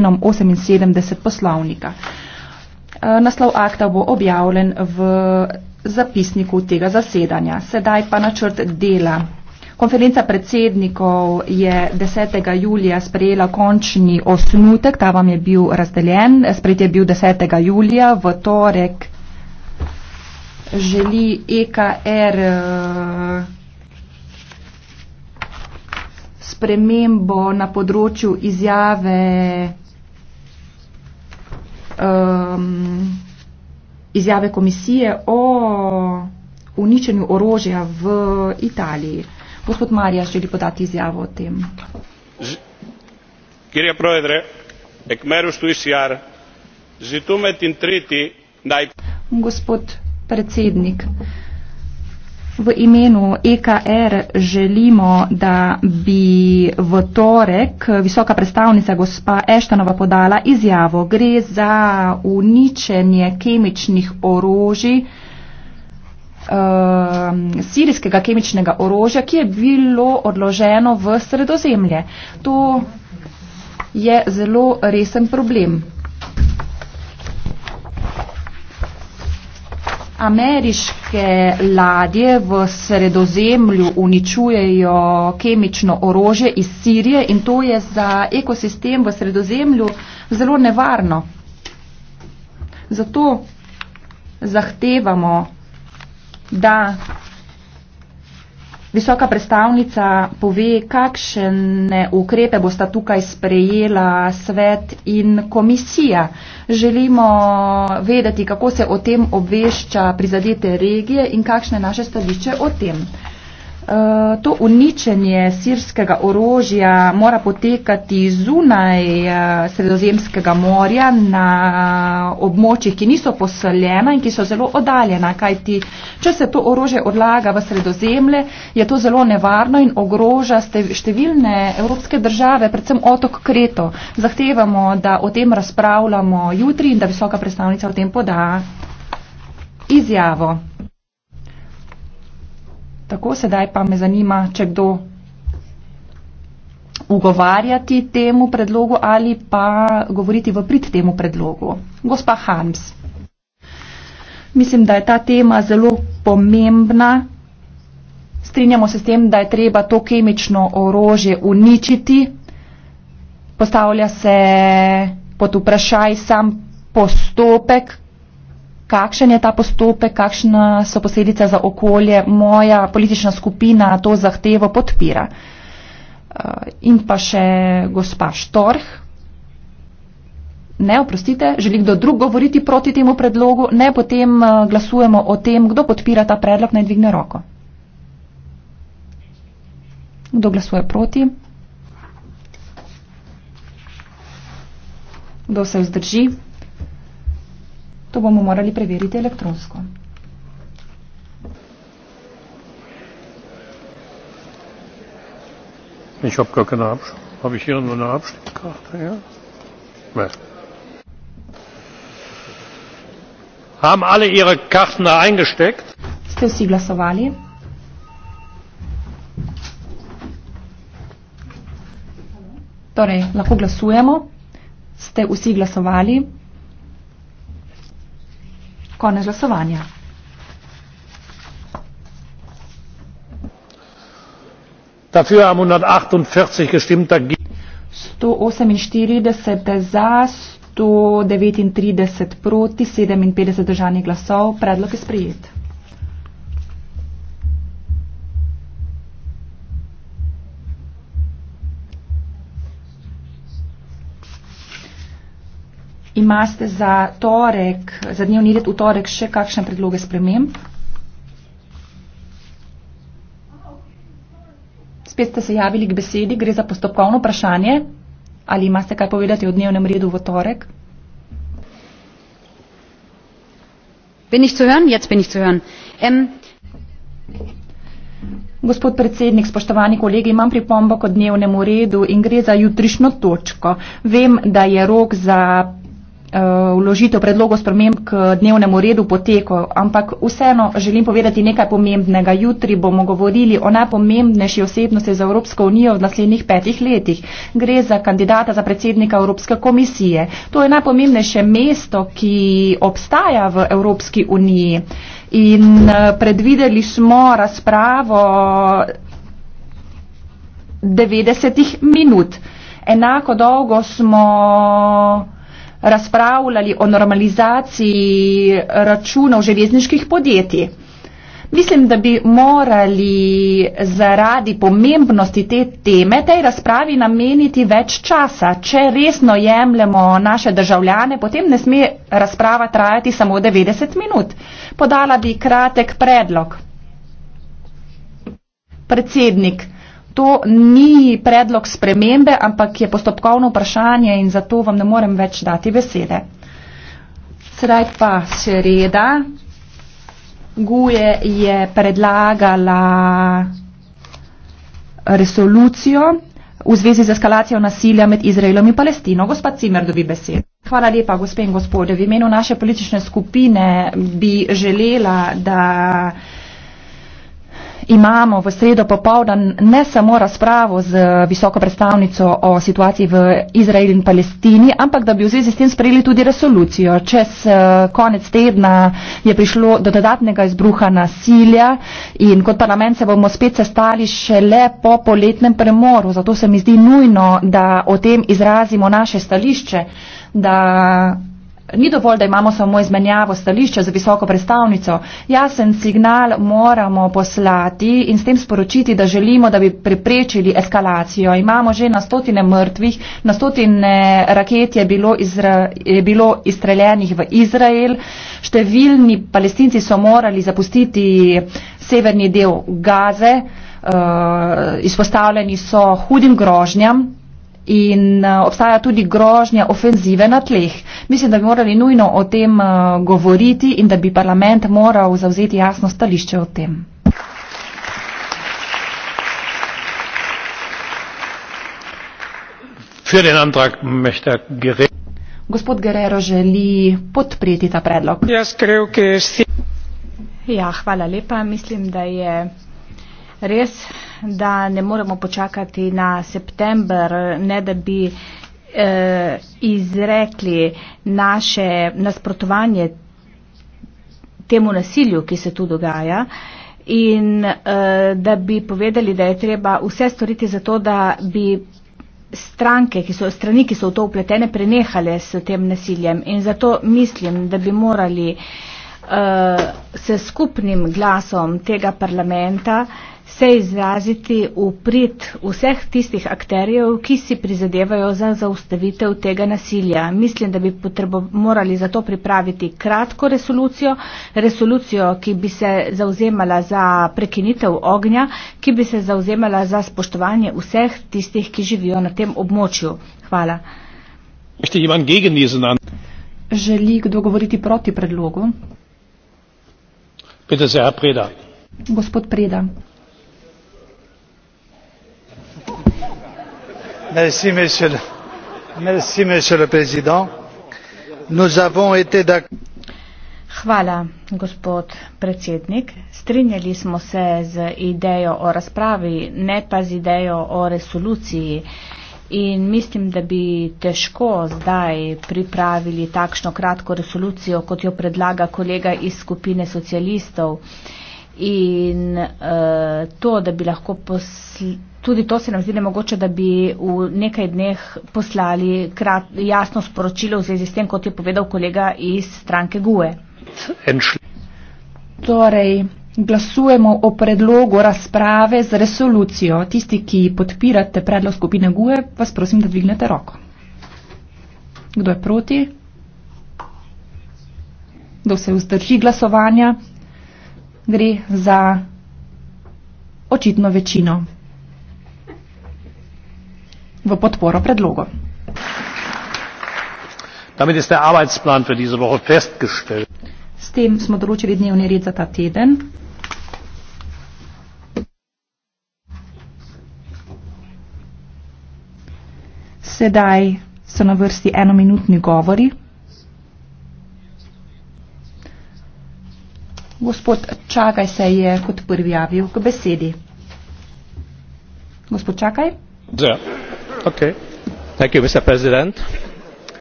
členom 78 poslovnika. E, naslov akta bo objavljen v zapisniku tega zasedanja. Sedaj pa načrt dela. Konferenca predsednikov je 10. julija sprejela končni osnutek, ta vam je bil razdeljen, sprejet je bil 10. julija v torek. Želi EKR e, spremembo na področju izjave um, izjave komisije o uničenju orožja v Italiji. Gospod Marija želi podati izjavo o tem. Gospod predsednik, V imenu EKR želimo, da bi v torek visoka predstavnica gospa Eštanova podala izjavo. Gre za uničenje kemičnih orožij, um, sirijskega kemičnega orožja, ki je bilo odloženo v sredozemlje. To je zelo resen problem. ameriške ladje v sredozemlju uničujejo kemično orože iz Sirije in to je za ekosistem v sredozemlju zelo nevarno. Zato zahtevamo, da Visoka predstavnica pove, kakšne ukrepe bosta tukaj sprejela svet in komisija. Želimo vedeti, kako se o tem obvešča prizadete regije in kakšne naše stališče o tem. Eh, to uničenje sirskega orožja mora potekati zunaj eh, sredozemskega morja na eh, območjih, ki niso poseljena in ki so zelo oddaljena, kajti če se to orožje odlaga v sredozemlje, je to zelo nevarno in ogroža številne evropske države, predvsem otok Kreto. Zahtevamo, da o tem razpravljamo jutri in da visoka predstavnica o tem poda izjavo. Tako sedaj pa me zanima, če kdo ugovarjati temu predlogu ali pa govoriti v prid temu predlogu. Gospa Hans, mislim, da je ta tema zelo pomembna. Strinjamo se s tem, da je treba to kemično orožje uničiti. Postavlja se pod vprašaj sam postopek, kakšen je ta postopek, kakšne so posledice za okolje, moja politična skupina to zahtevo podpira. Eh, in pa še gospa Štorh. Ne, oprostite, želi kdo drug govoriti proti temu predlogu? Ne, potem eh, glasujemo o tem, kdo podpira ta predlog, naj dvigne roko. Kdo glasuje proti? Kdo se vzdrži? To bomo morali preveriti elektronsko. Ich habe gar keine Abschrift. Habe ich hier nur eine Abschriftkarte? Ja? Nein. Haben alle ihre Karten da eingesteckt? Ste vsi glasovali? Torej, lahko glasujemo. Ste vsi glasovali? Konec glasovanja. Dafür haben 148 gestimmt, dagegen. 148 za, 139 proti, 57 držanih glasov. Predlog je sprijet. Imate za, torek, za dnevni red v torek še kakšne predloge sprememb? Spet ste se javili k besedi, gre za postopkovno vprašanje. Ali imate kaj povedati o dnevnem redu v torek? Ähm, Gospod predsednik, spoštovani kolegi, imam pripombo k dnevnemu redu in gre za jutrišnjo točko. Vem, da je rok za Eh, vložitev predlogov sprememb k dnevnemu redu poteko, ampak vseeno želim povedati nekaj pomembnega. Jutri bomo govorili o najpomembnejši osebnosti za Evropsko unijo v naslednjih petih letih. Gre za kandidata za predsednika Evropske komisije. To je najpomembnejše mesto, ki obstaja v Evropski uniji. In eh, predvideli smo razpravo 90 minut. Enako dolgo smo razpravljali o normalizaciji računov železniških podjetij. Mislim, da bi morali zaradi pomembnosti te teme tej razpravi nameniti več časa. Če resno jemljemo naše državljane, potem ne sme razprava trajati samo 90 minut. Podala bi kratek predlog. Predsednik. To ni predlog spremembe, ampak je postopkovno vprašanje in zato vam ne morem več dati besede. Sedaj pa še reda. Guje je predlagala resolucijo v zvezi z eskalacijo nasilja med Izraelom in Palestino. Gospa Cimer dobi besedo. Hvala lepa, gospe in gospode. V imenu naše politične skupine bi želela, da imamo v sredo popovdan ne samo razpravo z eh, visoko predstavnico o situaciji v Izraeli in Palestini, ampak da bi v zvezi s tem sprejeli tudi resolucijo. Čez eh, konec tedna je prišlo do dodatnega izbruha nasilja in kot parlament se bomo spet sestali šele po poletnem premoru, zato se mi zdi nujno, da o tem izrazimo naše stališče, da Ni dovolj, da imamo samo izmenjavo stališča z visoko predstavnico. Jasen signal moramo poslati in s tem sporočiti, da želimo, da bi preprečili eskalacijo. Imamo že na stotine mrtvih, na stotine raket je bilo, izra, je bilo izstreljenih v Izrael. Številni palestinci so morali zapustiti severni del Gaze. Uh, izpostavljeni so hudim grožnjam in uh, obstaja tudi grožnja ofenzive na tleh. Mislim, da bi morali nujno o tem uh, govoriti in da bi parlament moral zauzeti jasno stališče o tem. Gospod Guerrero želi podpreti ta predlog. Ja, ja hvala lepa. Mislim, da je res da ne moremo počakati na september, ne da bi eh, izrekli naše nasprotovanje temu nasilju, ki se tu dogaja in eh, da bi povedali, da je treba vse storiti za to, da bi stranke, ki so, strani, ki so v to upletene, prenehale s tem nasiljem. In zato mislim, da bi morali eh, Eh, se skupnim glasom tega parlamenta se izraziti v prid vseh tistih akterjev, ki si prizadevajo za zaustavitev tega nasilja. Mislim, da bi potrebo, morali za to pripraviti kratko resolucijo, resolucijo, ki bi se zauzemala za prekinitev ognja, ki bi se zauzemala za spoštovanje vseh tistih, ki živijo na tem območju. Hvala. Želi kdo govoriti proti predlogu? gospod preda Hvala, gospod predsednik. Strinjali smo se z idejo o razpravi, ne pa z idejo o resoluciji. Uh, In mislim, da bi težko zdaj pripravili takšno kratko resolucijo, kot jo predlaga kolega iz skupine socialistov. In uh, to, da bi lahko posl tudi to se nam zdi nemogoče, da bi v nekaj dneh poslali krat jasno sporočilo v zvezi s tem, kot je povedal kolega iz stranke GUE. Torej, glasujemo o predlogu razprave z resolucijo. Tisti, ki podpirate predlog skupine GUE, vas prosim, da dvignete roko. Kdo je proti? Kdo se vzdrži glasovanja? Gre za očitno večino v podporo predlogu. Damit ist der Arbeitsplan für diese Woche festgestellt. S tem smo določili dnevni red za ta teden. Sedaj so na vrsti enominutni govori. Gospod Čakaj se je kot prvi javil k besedi. Gospod Čakaj? Ja. Yeah. Ok. Thank you, Mr. President.